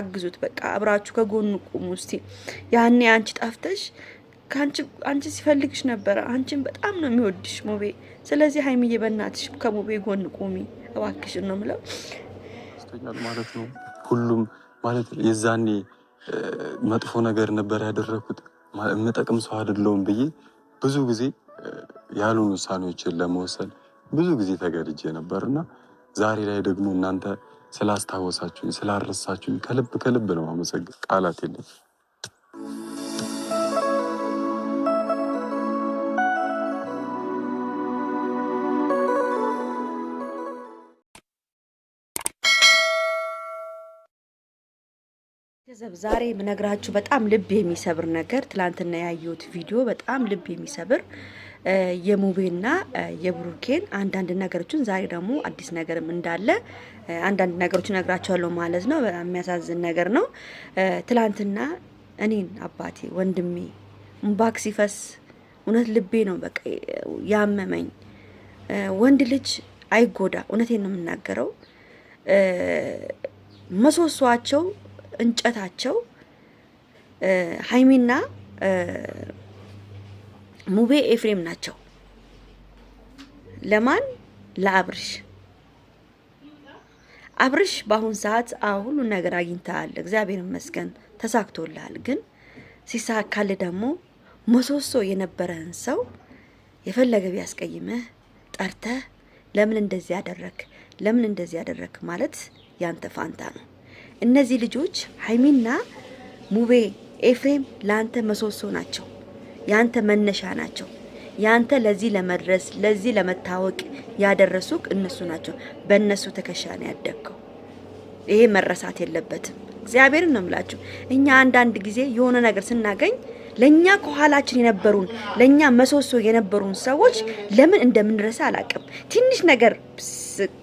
አግዙት። በቃ አብራችሁ ከጎኑ ቁሙ። እስቲ ያኔ አንቺ ጠፍተሽ አንቺ ሲፈልግሽ ነበረ። አንቺን በጣም ነው የሚወድሽ ሙቤ። ስለዚህ ሀይሚዬ በእናትሽ ከሙቤ ጎን ቁሚ እባክሽን ነው ምለው ማለት ነው። ሁሉም ማለት የዛኔ መጥፎ ነገር ነበር ያደረኩት የምጠቅም ሰው አይደለሁም ብዬ ብዙ ጊዜ ያሉን ውሳኔዎችን ለመወሰን ብዙ ጊዜ ተገድጄ ነበር እና ዛሬ ላይ ደግሞ እናንተ ስላስታወሳችሁኝ፣ ስላረሳችሁኝ ከልብ ከልብ ነው አመሰግን። ቃላት የለም። ገንዘብ ዛሬ የምነግራችሁ በጣም ልብ የሚሰብር ነገር ትላንትና ያየሁት ቪዲዮ በጣም ልብ የሚሰብር የሙቤና የብሩኬን አንዳንድ ነገሮችን ዛሬ ደግሞ አዲስ ነገርም እንዳለ አንዳንድ ነገሮች ነግራቸዋለሁ ማለት ነው። በጣም የሚያሳዝን ነገር ነው። ትላንትና እኔን አባቴ ወንድሜ እምባክ ሲፈስ እውነት ልቤ ነው በቃ ያመመኝ። ወንድ ልጅ አይጎዳ፣ እውነቴን ነው የምናገረው። መሶሷቸው እንጨታቸው ሀይሚና ሙቤ ኤፍሬም ናቸው። ለማን? ለአብርሽ። አብርሽ በአሁን ሰዓት ሁሉን ነገር አግኝተሃል፣ እግዚአብሔር ይመስገን ተሳክቶልሃል። ግን ሲሳካል ደግሞ ምሰሶ የነበረህን ሰው የፈለገ ቢያስቀይምህ ጠርተህ ለምን እንደዚህ ያደረክ ለምን እንደዚህ ያደረክ ማለት ያንተ ፋንታ ነው። እነዚህ ልጆች ሀይሚና ሙቤ ኤፍሬም ለአንተ ምሰሶ ናቸው። ያንተ መነሻ ናቸው። ያንተ ለዚህ ለመድረስ ለዚህ ለመታወቅ ያደረሱ እነሱ ናቸው። በእነሱ ትከሻ ነው ያደግከው። ይሄ መረሳት የለበትም። እግዚአብሔርን ነው የምላችሁ። እኛ አንዳንድ ጊዜ የሆነ ነገር ስናገኝ ለኛ ከኋላችን የነበሩን ለኛ መሰሶ የነበሩን ሰዎች ለምን እንደምንረሳ አላቅም ትንሽ ነገር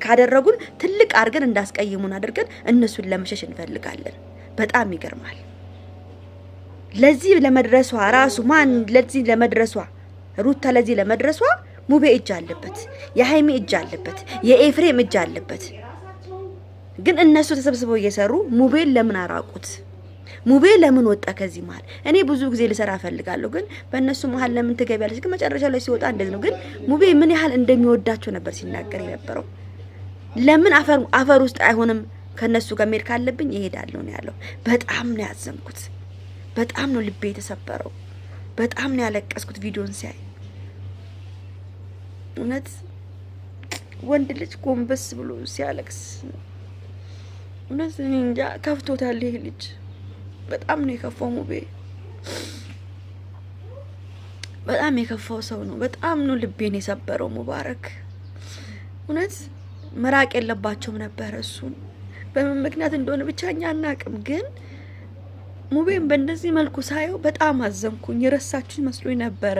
ካደረጉን ትልቅ አድርገን እንዳስቀይሙን አድርገን እነሱን ለመሸሽ እንፈልጋለን። በጣም ይገርማል። ለዚህ ለመድረሷ ራሱ ማን ለዚህ ለመድረሷ ሩታ ለዚህ ለመድረሷ ሙቤ እጅ አለበት፣ የሀይሚ እጅ አለበት፣ የኤፍሬም እጅ አለበት። ግን እነሱ ተሰብስበው እየሰሩ ሙቤን ለምን አራቁት? ሙቤ ለምን ወጣ ከዚህ መሀል? እኔ ብዙ ጊዜ ልሰራ እፈልጋለሁ፣ ግን በእነሱ መሀል ለምን ትገቢያለች? ግን መጨረሻ ላይ ሲወጣ እንደዚህ ነው። ግን ሙቤ ምን ያህል እንደሚወዳቸው ነበር ሲናገር የነበረው። ለምን አፈር ውስጥ አይሆንም? ከእነሱ ጋር መሄድ ካለብኝ ይሄዳለሁ ነው ያለው። በጣም ነው ያዘንኩት። በጣም ነው ልቤ የተሰበረው። በጣም ነው ያለቀስኩት ቪዲዮን ሲያይ። እውነት ወንድ ልጅ ጎንበስ ብሎ ሲያለቅስ እውነት እንጃ ከፍቶታል። ይሄ ልጅ በጣም ነው የከፋው። ሙቤ በጣም የከፋው ሰው ነው። በጣም ነው ልቤን የሰበረው ሙባረክ። እውነት መራቅ የለባቸውም ነበር እሱን በምን ምክንያት እንደሆነ ብቻ እኛ አናቅም ግን ሙቤን በእንደዚህ መልኩ ሳየው በጣም አዘንኩኝ። የረሳችሁ መስሎኝ ነበረ።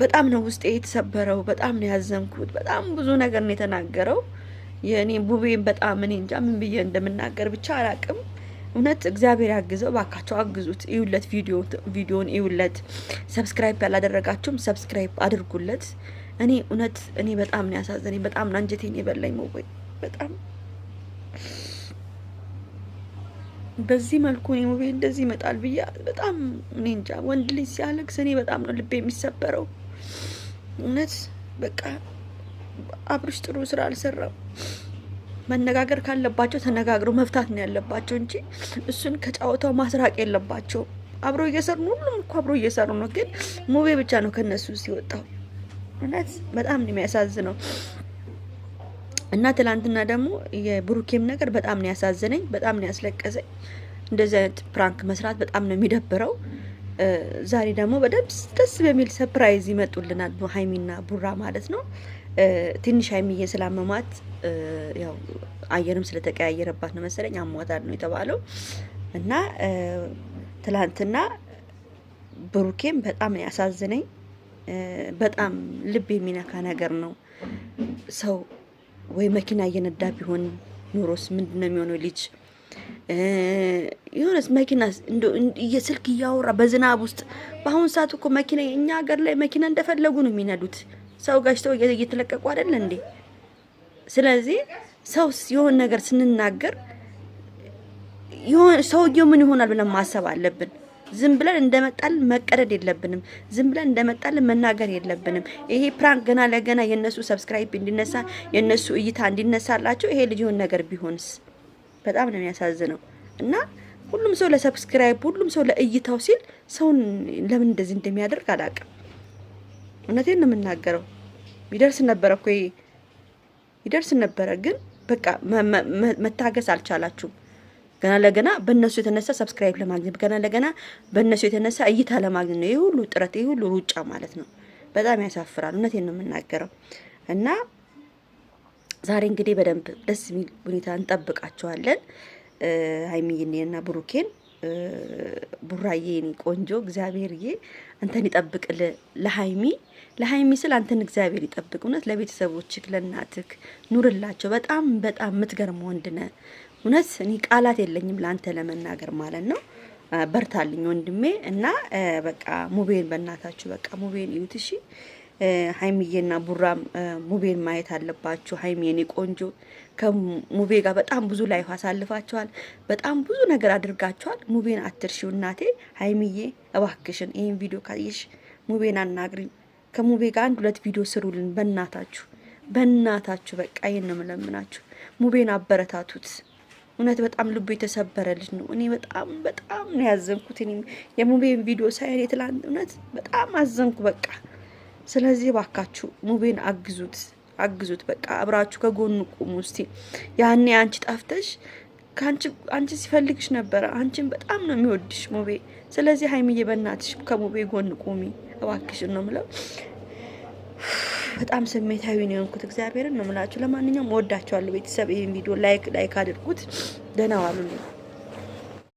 በጣም ነው ውስጤ የተሰበረው። በጣም ነው ያዘንኩት። በጣም ብዙ ነገር ነው የተናገረው። የእኔ ቡቤን በጣም እኔ እንጃ ምን ብዬ እንደምናገር ብቻ አላቅም። እውነት እግዚአብሔር ያግዘው። ባካቸው አግዙት። ይውለት ቪዲዮን ይውለት። ሰብስክራይብ ያላደረጋችሁም ሰብስክራይብ አድርጉለት። እኔ እውነት እኔ በጣም ነው ያሳዘነኝ። በጣም አንጀቴን የበላኝ ሙቤ በጣም በዚህ መልኩ እኔ ሙቤ እንደዚህ ይመጣል ብዬ በጣም እኔ እንጃ። ወንድ ልጅ ሲያለቅስ እኔ በጣም ነው ልቤ የሚሰበረው። እውነት በቃ አብርሽ ጥሩ ስራ አልሰራም። መነጋገር ካለባቸው ተነጋግሮ መፍታት ነው ያለባቸው እንጂ እሱን ከጫወታው ማስራቅ የለባቸውም። አብሮ እየሰሩ ነው፣ ሁሉም እኮ አብሮ እየሰሩ ነው። ግን ሙቤ ብቻ ነው ከነሱ ሲወጣው። እውነት በጣም ነው የሚያሳዝነው። እና ትላንትና ደግሞ የብሩኬም ነገር በጣም ነው ያሳዘነኝ፣ በጣም ነው ያስለቀሰኝ። እንደዚህ አይነት ፕራንክ መስራት በጣም ነው የሚደብረው። ዛሬ ደግሞ በደንብ ደስ በሚል ሰፕራይዝ ይመጡልናል ሀይሚና ቡራ ማለት ነው። ትንሽ ሀይሚዬ ስላመማት ያው አየርም ስለተቀያየረባት ነው መሰለኝ አሟታል ነው የተባለው እና ትላንትና ብሩኬም በጣም ያሳዝነኝ፣ በጣም ልብ የሚነካ ነገር ነው ሰው ወይ መኪና እየነዳ ቢሆን ኑሮስ ምንድን ነው የሚሆነው? ልጅ የሆነስ መኪና ስልክ እያወራ በዝናብ ውስጥ በአሁኑ ሰዓት እኮ መኪና እኛ ሀገር ላይ መኪና እንደፈለጉ ነው የሚነዱት። ሰው ጋሽተው እየተለቀቁ አይደለ እንዴ? ስለዚህ ሰው የሆን ነገር ስንናገር ሰውየው ምን ይሆናል ብለን ማሰብ አለብን። ዝም ብለን እንደመጣልን መቀደድ የለብንም። ዝም ብለን እንደመጣልን መናገር የለብንም። ይሄ ፕራንክ ገና ለገና የነሱ ሰብስክራይብ እንዲነሳ የነሱ እይታ እንዲነሳላቸው ይሄ ልጅ ነገር ቢሆንስ በጣም ነው የሚያሳዝነው። እና ሁሉም ሰው ለሰብስክራይብ፣ ሁሉም ሰው ለእይታው ሲል ሰውን ለምን እንደዚህ እንደሚያደርግ አላውቅም። እውነቴን ነው የምናገረው። ይደርስ ነበረ እኮ ይደርስ ነበረ፣ ግን በቃ መታገስ አልቻላችሁም። ገና ለገና በእነሱ የተነሳ ሰብስክራይብ ለማግኘት ገና ለገና በእነሱ የተነሳ እይታ ለማግኘት ነው ይህ ሁሉ ጥረት፣ ይህ ሁሉ ሩጫ ማለት ነው። በጣም ያሳፍራል። እውነቴን ነው የምናገረው እና ዛሬ እንግዲህ በደንብ ደስ የሚል ሁኔታ እንጠብቃቸዋለን። ሀይሚዬና ብሩኬን ቡራዬ ኔ ቆንጆ እግዚአብሔርዬ አንተን ይጠብቅል። ለሀይሚ ለሀይሚ ስል አንተን እግዚአብሔር ይጠብቅ። እውነት ለቤተሰቦችክ ለእናትክ ኑርላቸው። በጣም በጣም የምትገርም ወንድ ነህ። እውነት እኔ ቃላት የለኝም ለአንተ ለመናገር ማለት ነው። በርታልኝ ወንድሜ እና በቃ ሙቤን በእናታችሁ በቃ ሙቤን እዩት እሺ። ሀይሚዬና ቡራም ሙቤን ማየት አለባችሁ። ሀይሚ የኔ ቆንጆ ከሙቤ ጋር በጣም ብዙ ላይፍ አሳልፋችኋል። በጣም ብዙ ነገር አድርጋችኋል። ሙቤን አትርሺው እናቴ። ሀይሚዬ እባክሽን ይህን ቪዲዮ ካየሽ ሙቤን አናግሪኝ። ከሙቤ ጋር አንድ ሁለት ቪዲዮ ስሩልን በእናታችሁ በእናታችሁ በቃ ይህን ነው የምለምናችሁ። ሙቤን አበረታቱት። እውነት በጣም ልቡ የተሰበረ ልጅ ነው። እኔ በጣም በጣም ነው ያዘንኩት። እኔ የሙቤን ቪዲዮ ሳይን የትላንት እውነት በጣም አዘንኩ። በቃ ስለዚህ ባካችሁ ሙቤን አግዙት፣ አግዙት። በቃ አብራችሁ ከጎኑ ቁሙ። እስቲ ያኔ አንቺ ጠፍተሽ ከአንቺ አንቺ ሲፈልግሽ ነበረ። አንቺን በጣም ነው የሚወድሽ ሙቤ። ስለዚህ ሀይሚዬ በእናትሽ ከሙቤ ጎን ቁሚ እባክሽን ነው ምለው በጣም ስሜታዊ ነው የሆንኩት። እግዚአብሔርን ነው የምላችሁ። ለማንኛውም ወዳችኋለሁ ቤተሰብ። ይህን ቪዲዮ ላይክ ላይክ አድርጉት። ደህና ዋሉልኝ።